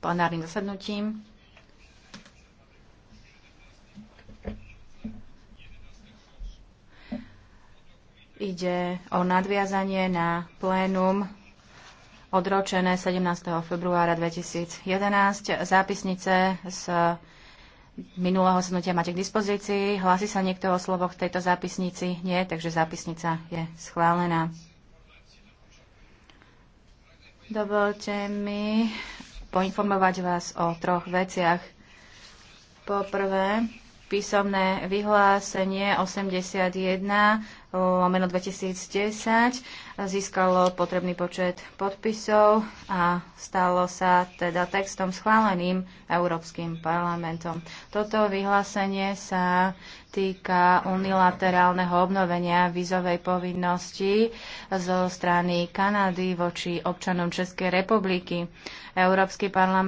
plenárnym zasadnutím. Ide o nadviazanie na plénum odročené 17. februára 2011. Zápisnice z minulého sednutia máte k dispozícii. Hlási sa niekto o slovoch v tejto zápisnici? Nie, takže zápisnica je schválená. Dovolte mi poinformovať vás o troch veciach. Po prvé, písomné vyhlásenie 81 lomeno 2010 získalo potrebný počet podpisov a stalo sa teda textom schváleným Európskym parlamentom. Toto vyhlásenie sa týka unilaterálneho obnovenia vízovej povinnosti zo strany Kanady voči občanom Českej republiky. Európsky parlament